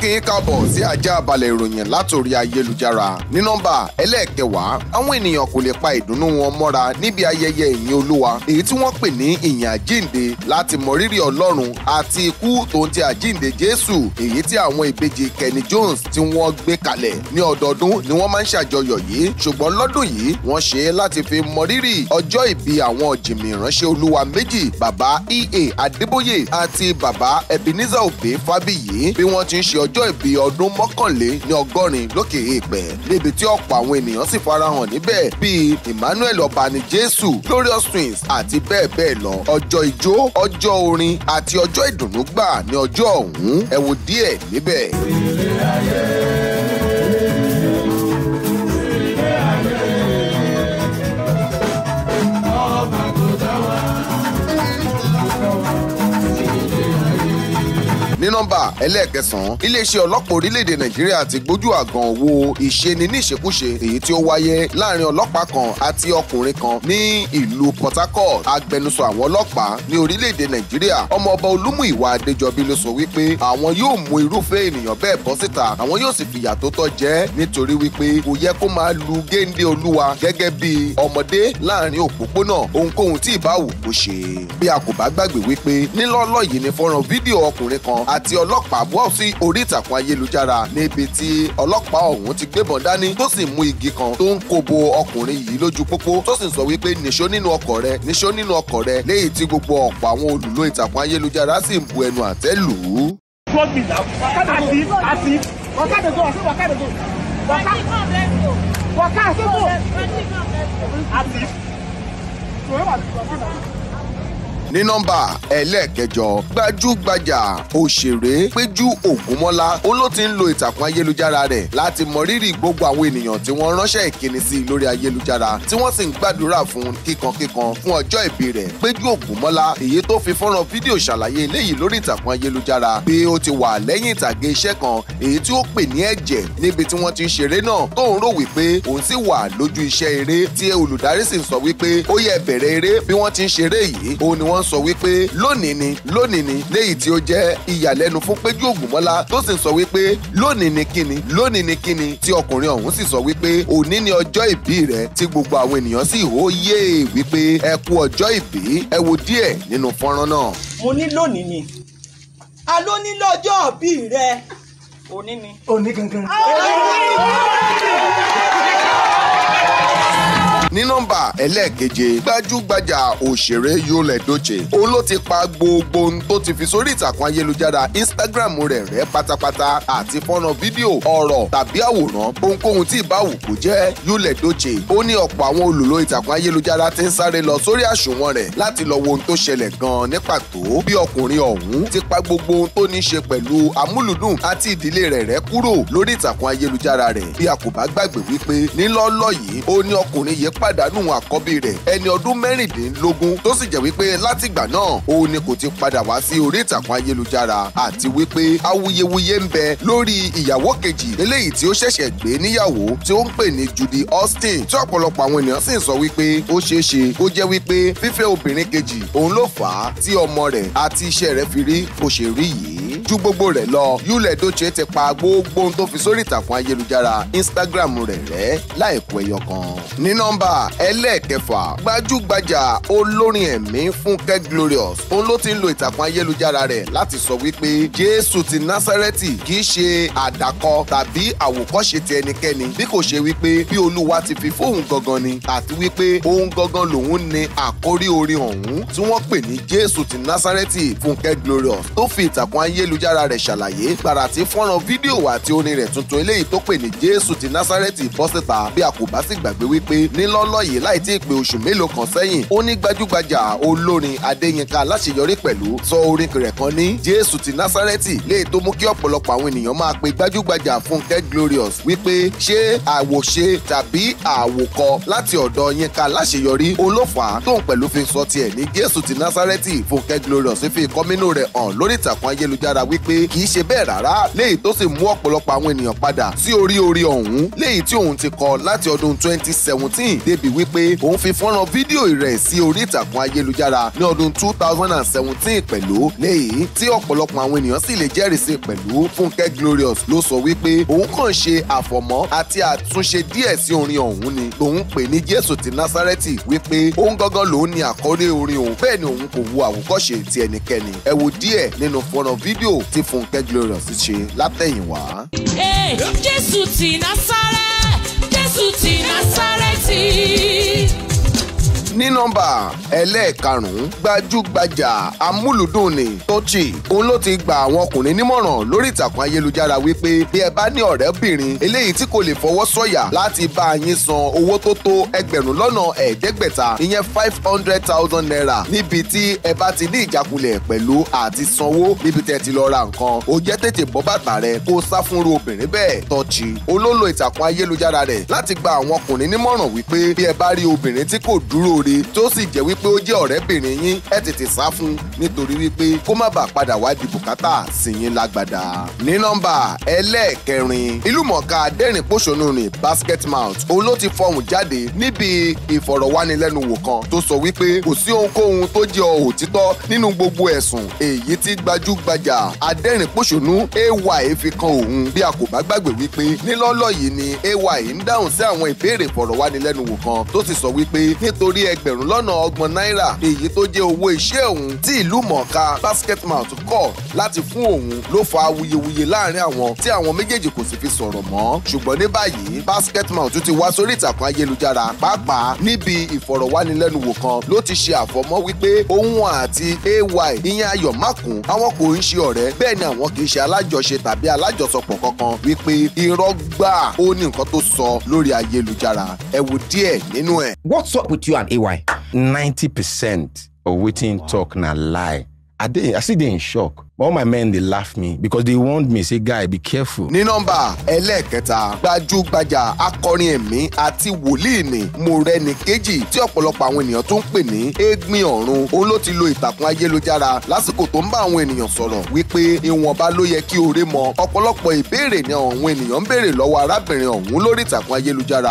kí yín káàbọ̀ sí ajá balẹ̀ ìròyìn látòrí ayélujára ní nọ́mbà ẹlẹ́ẹ̀kẹwàá àwọn ènìyàn kò lè pa ìdùnnú wọn mọ́ra níbi ayẹyẹ ìyìn olúwa èyí tí wọ́n pè ní ìyìn àjínde láti mọrírì ọlọ́run àti ikú tòun ti àjínde jésù èyí tí àwọn ìbejì Kenny Jones tí wọ́n gbé kalẹ̀ ní ọdọọdún ni wọ́n máa ń ṣàjọyọ̀ yìí ṣùgbọ́n lọ́dún yìí wọ́n ṣe é láti fi mọrírì ọjọ́ ìbí àwọn jìmì olúwa méjì bàbá EA Adébóyè àti bàbá Ebenezer Obey Fábíyì bí wọ́n ti ń ṣe ọjọ́ ọjọ́ ìbí ọdún mọ́kànlé ní ọgọ́rin lókè èèpẹ̀ níbi tí ọ̀pọ̀ àwọn ènìyàn sì farahàn níbẹ̀ bíi Emmanuel Ọ̀bàní Jésù Glorious Twins àti bẹ́ẹ̀ bẹ́ẹ̀ lọ ọjọ́ ijó ọjọ́ orin àti ọjọ́ ìdùnnú gbà ní ọjọ́ ọ̀hún ẹ wo díẹ̀ níbẹ̀. ìrìn nọ́mbà ẹlẹ́ẹ̀kẹsàn-án iléeṣẹ́ ọlọ́pàá orílẹ̀-èdè nàìjíríà ti gbójú àgàn wo ìṣeni ní ìṣekúṣe èyí tí ó wáyé láàrin ọlọ́pàá kan àti ọkùnrin kan ní ìlú port harcourt agbẹnusọ àwọn ọlọ́pàá ní orílẹ̀-èdè nàìjíríà ọmọọba olúmúìwà adéjọbí ló sọ wípé àwọn yóò mú irúfẹ́ ènìyàn bẹ́ẹ̀ bọ́ síta àwọn yóò sì fìyà tó tọ́ jẹ́ nítorí wípé kò yẹ kó máa lu géńdé olúwa gẹ́gẹ́ bí ọmọdé láàrin òpópónà ohunkóhun tí ìbáwò kò ṣe bí a kò bá gbàgbé wípé nílọ́lọ́ yìí ni fọ́nrán fídíò ọkùnrin kan àti tí ọlọ́pàá bọ́ sí orí ìtàkùn ayélujára níbi tí ọlọ́pàá ọ̀hún ti gbébọn dání tó sì mú igi kan tó ń kobo ọkùnrin yìí lójú pópó tó sì sọ wípé nìṣó nínú ọkọ̀ rẹ nìṣó nínú ọkọ̀ rẹ léyìí tí gbogbo ọ̀pọ̀ àwọn olùlò ìtàkùn ayélujára sì ń bu ẹnu àtẹ́ lù ú. Wọ́n ká àṣẹ́kọ̀ọ́ ní nọ́mbà ẹlẹ́ẹ̀kẹjọ gbajúgbajà òṣèré péjú ògúnmọ́lá ó ló ti ń lo ìtàkùn ayélujára rẹ̀ láti mọrírì gbogbo àwọn ènìyàn tí wọ́n ránṣẹ́ ìkíni sí lórí ayélujára tí wọ́n sì ń gbàdúrà fún kíkankíkan fún ọjọ́ ìbí rẹ̀ péjú ògúnmọ́lá èyí tó fi fọ́nrán fídíò ṣàlàyé eléyìí lórí ìtàkùn ayélujára bí ó ti wà lẹ́yìn ìtàgé iṣẹ́ kan èyí tí ó pè ní ẹ̀jẹ̀ níbi tí wọ́n ti ń ṣeré náà tó ń rò wípé òun sì wà lójú iṣẹ́ eré tí olùdarí sì ń sọ wípé ó yẹ bẹ̀rẹ̀ eré bí wọ́n ti ń ṣeré yìí òun ni wọ́n máa ń sọ wípé lónìí ni lónìí ni léyìí tí ó jẹ́ ìyàlẹ́nu fún Péjú Ògúnmọ́lá tó sì ń sọ wípé lónìí ni kíni lónìí ni kíni tí ọkùnrin ọ̀hún sì sọ wípé òní ni ọjọ́ ìbí rẹ̀ tí gbogbo àwọn ènìyàn sì hó yé wípé ẹ kú ọjọ́ ìbí ẹ wo díẹ̀ nínú fọ́nrán náà. mo ní lónìí ni a ló ní lọ́jọ́ ìbí rẹ òní ni. òní gangan. òní ní nọ́mbà ẹlẹ́ẹ̀keje gbajúgbajà òṣèré Yul Edochie òun ló ti pa gbogbo ohun tó ti fi sórí ìtàkùn ayélujára Instagram rẹ̀ rẹ́ pátápátá àti fọ́nà fídíò ọ̀rọ̀ tàbí àwòrán ohunkóhun tí ìbáwò kò jẹ́ Yul Edochie ó ní ọ̀pọ̀ àwọn olùlò ìtàkùn ayélujára ti ń sáré lọ sórí àsùnwọ̀n rẹ̀ láti lọ wo ohun tó ṣẹlẹ̀ gan ní pàtó bí ọkùnrin ọ̀hún ti pa gbogbo ohun tó ní ṣe pẹ̀lú amúlùdùn àti ìdílé rẹ̀ rẹ́ kúrò lórí ìtàkùn ayélujára pàdánù àkọ́bí rẹ̀ ẹni ọdún mẹ́rìndínlógún tó sì jẹ́ wípé látìgbà náà òun ni kò ti padà wá sí orí ìtàkùn ayélujára àti wípé awuyewuye ń bẹ lórí ìyàwó kejì eléyìí tí ó ṣẹ̀ṣẹ̀ gbé níyàwó tí ó ń pè ní Judy Austin tí ọ̀pọ̀lọpọ̀ àwọn ènìyàn sì ń sọ wípé ó ṣeé ṣe kó jẹ́ wípé fífẹ́ obìnrin kejì òun ló fà á tí ọmọ rẹ̀ àti iṣẹ́ rẹ̀ fi rí bó ṣe rí yìí ju gbogbo rẹ̀ lọ Yul Edochie ti pa gbogbo tó fi sórí ìtàkùn ayélujára Instagram rẹ̀ rẹ́ láìpẹ́ ẹyọ ní nọ́mbà ẹlẹ́ẹ̀kẹfà gbajúgbajà olórin ẹ̀mí fúnkẹ́ glorious òun ló ti ń lo ìtàkùn ayélujára rẹ̀ láti sọ wípé jésù ti násárẹ́tì kì í ṣe àdàkọ tàbí àwòkọ́ṣe ti ẹnikẹ́ni bí kò ṣe wípé bí olúwa ti fi fóun gangan ni àti wípé òun gangan lòun ni àkórí orin ọ̀hún tí wọ́n pè ní jésù ti násárẹ́tì fúnkẹ́ glorious tó fi ìtàkùn ayélujára rẹ̀ ṣàlàyé gbàrà tí fọ́nrán fídíò àti orin rẹ̀ tuntun eléyìí tó pè ní jésù ti násárẹ́tì bọ́ síta bí lọ́ọ́lọ́ yìí láì tí ì pé oṣù mélòó kan sẹ́yìn ó ní gbajúgbajà olórin adéyínká aláṣeyọrí pẹ̀lú sọ orin rẹ̀ kan ní jésù ti násárẹ́tì lè tó mú kí ọ̀pọ̀lọpọ̀ àwọn ènìyàn máa pe gbajúgbajà fúnkẹ́ glorious wípé ṣé àwòṣe tàbí àwòkọ láti ọ̀dọ̀ yínká aláṣeyọrí olófà tóun pẹ̀lú fi sọ tiẹ̀ ní jésù ti násárẹ́tì fúnkẹ́ glorious fi kọ́mínú rẹ̀ hàn lórí ìtàkùn ayélujára wípé kì í ṣe bẹ́ẹ̀ rárá léyìí tó sì mú ọ̀pọ̀lọpọ̀ àwọn ènìyàn padà sí orí orí ọ̀hún léyìí tí òun ti kọ láti ọdún 2017 débi wípé òun fi fọ́nrán fídíò rẹ̀ sí orí ìtàkùn ayélujára ní ọdún two thousand and seventeen pẹ̀lú léyìí tí ọ̀pọ̀lọpọ̀ àwọn ènìyàn sì lè jẹ́rìísí pẹ̀lú Fúnkẹ́ Glorious ló sọ wípé òun kàn ṣe àfọ̀mọ́ àti àtúnṣe díẹ̀ sí orin ọ̀hún ni òun pè ní Jésù ti Násárẹ́tì wípé òun gangan lòun ni àkọ́lé orin òun bẹ́ẹ̀ ni òun kò wo àwòkọ́ṣe ti ẹnikẹ́ni ẹ wo díẹ̀ nínú fọ́nrán fídíò tí Fúnkẹ́ Glorious ṣe látẹ̀yìnwá. Jésù ti Násárẹ́tì Jésù ti ní nọ́mbà ẹlẹ́ẹ̀karùn-ún gbajúgbajà amúlùdùn ni Tochi òun ló ti gba àwọn ọkùnrin nímọ̀ràn lórí ìtàkùn ayélujára wípé bí ẹ bá ní ọ̀rẹ́bìnrin eléyìí tí kò lè fọwọ́ sọ̀yà láti bá a yín san owó tó tó ẹgbẹ̀rún lọ́nà ẹ̀ẹ́dẹ́gbẹ̀ta ìyẹn five hundred thousand naira níbi tí ẹ bá ti ní ìjákulẹ̀ pẹ̀lú àti sanwó níbi tẹ́ ti lọ ra nǹkan ó jẹ́ tètè bọ́ bàtà rẹ kó sá fúnru obìnrin bẹ́ẹ̀ Tochi olólo ìtàkùn ayélujára rẹ̀ láti gba àwọn ọkùnrin nímọ̀ràn wípé bí ẹ bá rí obìnrin tí kò dúró r jáde tó sì jẹ́ wípé ó jẹ́ ọ̀rẹ́bìnrin yín ẹ tètè sá fún nítorí wípé kó má bàa padà wá di bùkátà sí yín lágbàdá. ní nọ́mbà ẹlẹ́ẹ̀kẹrin ìlúmọ̀ọ́ká adẹ́rìn-pọ̀ṣọ́nù ni basket mount òun ló ti fọhùn jáde níbi ìfọ̀rọ̀wánilẹ́nuwò kan tó sọ wípé kò sí ohunkóhun tó jẹ́ òtítọ́ nínú gbogbo ẹ̀sùn èyí tí gbajúgbajà adẹ́rìn-pọ̀ṣọ́nù ay fi kan òun bí a kò bá gbàgbé wípé nílọ́lọ́ yìí ni ay ń dáhùn sí àwọn ìbéèrè ìfọ̀rọ̀wánilẹ́nuwò kan tó sì sọ wípé nítorí ẹg ẹgbẹ̀rún lọ́nà ọgbọ̀n náírà èyí tó jẹ́ owó iṣẹ́ òun tí ìlú mọ̀ọ́ká basket mouth kọ̀ láti fún òun ló fa awuyewuye láàrin àwọn tí àwọn méjèèjì kò sì fi sọ̀rọ̀ mọ́ ṣùgbọ́n ní báyìí basket mouth ti wá sórí ìtàkùn ayélujára pàápàá níbi ìfọ̀rọ̀wánilẹ́nuwò kan ló ti ṣe àfọmọ́ wípé òun àti ay ìyẹn ayọ̀ mákùn àwọn kò ń ṣe ọ̀rẹ́ bẹ́ẹ̀ ni àwọn kì í ṣe alájọṣe tàbí alájọsọpọ̀ kankan wípé irọ́ gbà ó ní nǹkan tó sọ lórí ayélujára ẹ wo díẹ̀ nínú ẹ̀. what's up with you and ay why 90% of what oh, wow. talk na lie i see i in shock all my men dey laugh me because they warned me say guy be careful. ní nọ́mbà ẹlẹ́ẹ̀kẹta gbajúgbajà akọrin ẹ̀mí àti wòlíì ni Mọ́rẹ́níkejì tí ọ̀pọ̀lọpọ̀ àwọn ènìyàn tó ń pè ní Egbin Ọ̀run òun ló ti lo ìtàkùn ayélujára lásìkò tó ń bá àwọn ènìyàn sọ̀rọ̀ wípé ìwọ̀nba ló yẹ kí oore mọ ọ̀pọ̀lọpọ̀ ìbéèrè ni àwọn ènìyàn ń béèrè lọ́wọ́ arábìnrin ọ̀hún lórí ìtàkùn ayélujára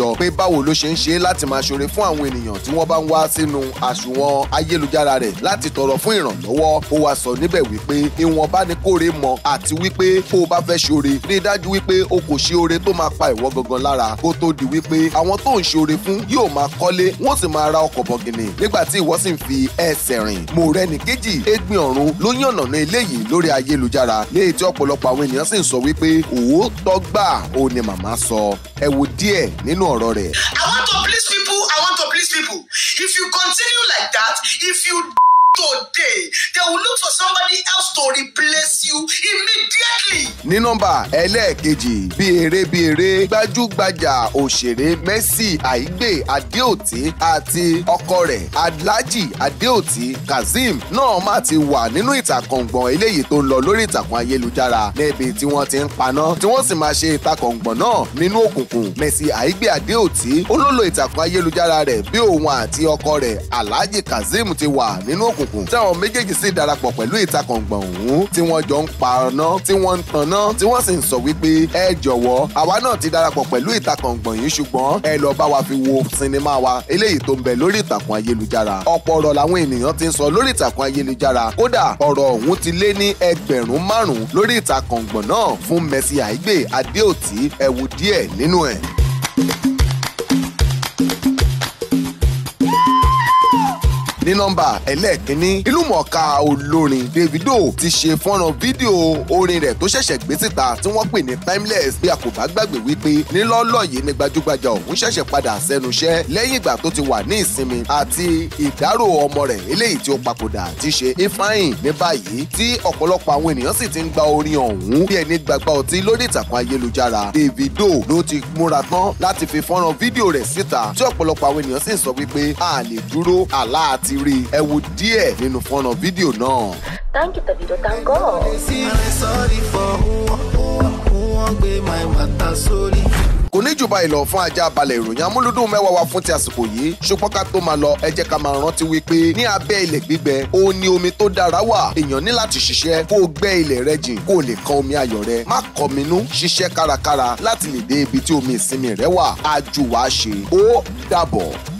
àwùjọ pé báwo ló ṣe ń ṣe láti máa ṣoore fún àwọn ènìyàn tí wọ́n bá ń wá sínú àsùnwọ̀n ayélujára rẹ̀ láti tọrọ fún ìrànlọ́wọ́ ó wá sọ níbẹ̀ wípé ìwọ̀nba ni kóore mọ àti wípé kó o bá fẹ́ ṣoore rí dájú wípé o kò ṣe oore tó máa pa ìwọ gangan lára kó tó di wípé àwọn tó ń ṣoore fún yóò máa kọ́lé wọ́n sì máa ra ọkọ̀ bọ̀gìnì nígbà tí ìwọ sì ń fi ẹsẹ̀ rìn mòrẹ́nì kejì égbin ọ̀run ló yànnàná eléyìí lórí ayélujára léyìí tí ọ̀pọ̀lọpọ̀ àwọn ènìyàn sì ń sọ wípé òótọ́ gbà òun ni màmá sọ ẹ wo díẹ̀ nínú ọ̀rọ̀ rẹ̀. I want to please people I want to please people if you continue like that if you today they will look for somebody else to replace you immediately. ní nọ́mbà ẹlẹ́ẹ̀kejì bí eré bí eré gbajúgbajà òṣèré Mercy Aigbe Adeoti àti ọkọ rẹ̀ Alhaji Adeoti Kazeem náà má ti wà nínú ìtàkọ̀ngbọ̀n eléyìí tó ń lọ lórí ìtàkùn ayélujára níbi tí wọ́n ti ń paná tí wọ́n sì máa ṣe ìtàkọ̀ngbọ̀n náà nínú òkùnkùn Mercy Aigbe Adeoti olólo ìtàkùn ayélujára rẹ̀ bí òun àti ọkọ rẹ̀ Alhaji Kazeem ti wà nínú òkùnkùn òkùnkùn tí àwọn méjèèjì sì darapọ̀ pẹ̀lú ìtakọ̀ngbọ̀n ọ̀hún tí wọ́n jọ ń paná tí wọ́n ń tanná tí wọ́n sì ń sọ wípé ẹ jọ̀wọ́ àwa náà ti darapọ̀ pẹ̀lú ìtakọ̀ngbọ̀n yìí ṣùgbọ́n ẹ lọ bá wa fi wo sinimá wa eléyìí tó ń bẹ lórí ìtàkùn ayélujára ọ̀pọ̀ ọ̀rọ̀ làwọn ènìyàn ti ń sọ lórí ìtàkùn ayélujára kódà ọ̀rọ̀ ọ̀hún ti lé ní ẹgbẹ̀rún márùn-ún lórí ìtakọ̀ngbọ̀n náà fún Mercy Aigbe Adéòtí ẹ wo díẹ̀ nínú ẹ̀ ní nọ́mbà ẹlẹ́ẹ̀kínní ìlúmọ̀ọ́ká olórin Davido ti ṣe fọ́nrán fídíò orin rẹ̀ tó ṣẹ̀ṣẹ̀ gbé síta tí wọ́n pè ní timeless bí a kò bá gbàgbé wípé nílọ́lọ́ yìí ni gbajúgbajà òun ṣẹ̀ṣẹ̀ padà sẹ́nu iṣẹ́ lẹ́yìn ìgbà tó ti wà ní ìsinmi àti ìdárò ọmọ rẹ̀ eléyìí tí ó papòdà ti ṣe ifeanyi ní báyìí tí ọ̀pọ̀lọpọ̀ àwọn ènìyàn sì ti ń gba orin ọ̀hún bí ẹni gbàgbá ọtí lórí ìtàkùn ayélujára Davido ló ti múra tán láti fi fọ́nrán fídíò rẹ̀ síta tí ọ̀pọ̀lọpọ̀ àwọn ènìyàn sì ń sọ wípé a lè dúró àlá àti rí i ẹ wo díẹ̀ nínú fọ́nrán fídíò náà. thank you Davido thank God. kò ní jù báyìí fún ajá balẹ̀ ìròyìn amúlùdùn mẹ́wàá wa fún ti àsìkò yìí ṣùgbọ́n ká tó máa lọ ẹ ká máa rántí wípé ní abẹ́ ilẹ̀ gbígbẹ ó ní omi tó dára wà èèyàn ní láti ṣiṣẹ́ kó o gbẹ́ ilẹ̀ rẹ jìn kó o lè kan omi ayọ̀ rẹ má kọminú ṣiṣẹ́ kárakára láti lè dé ibi tí omi ìsinmi rẹ wà á jù wá ṣe ó dàbọ̀.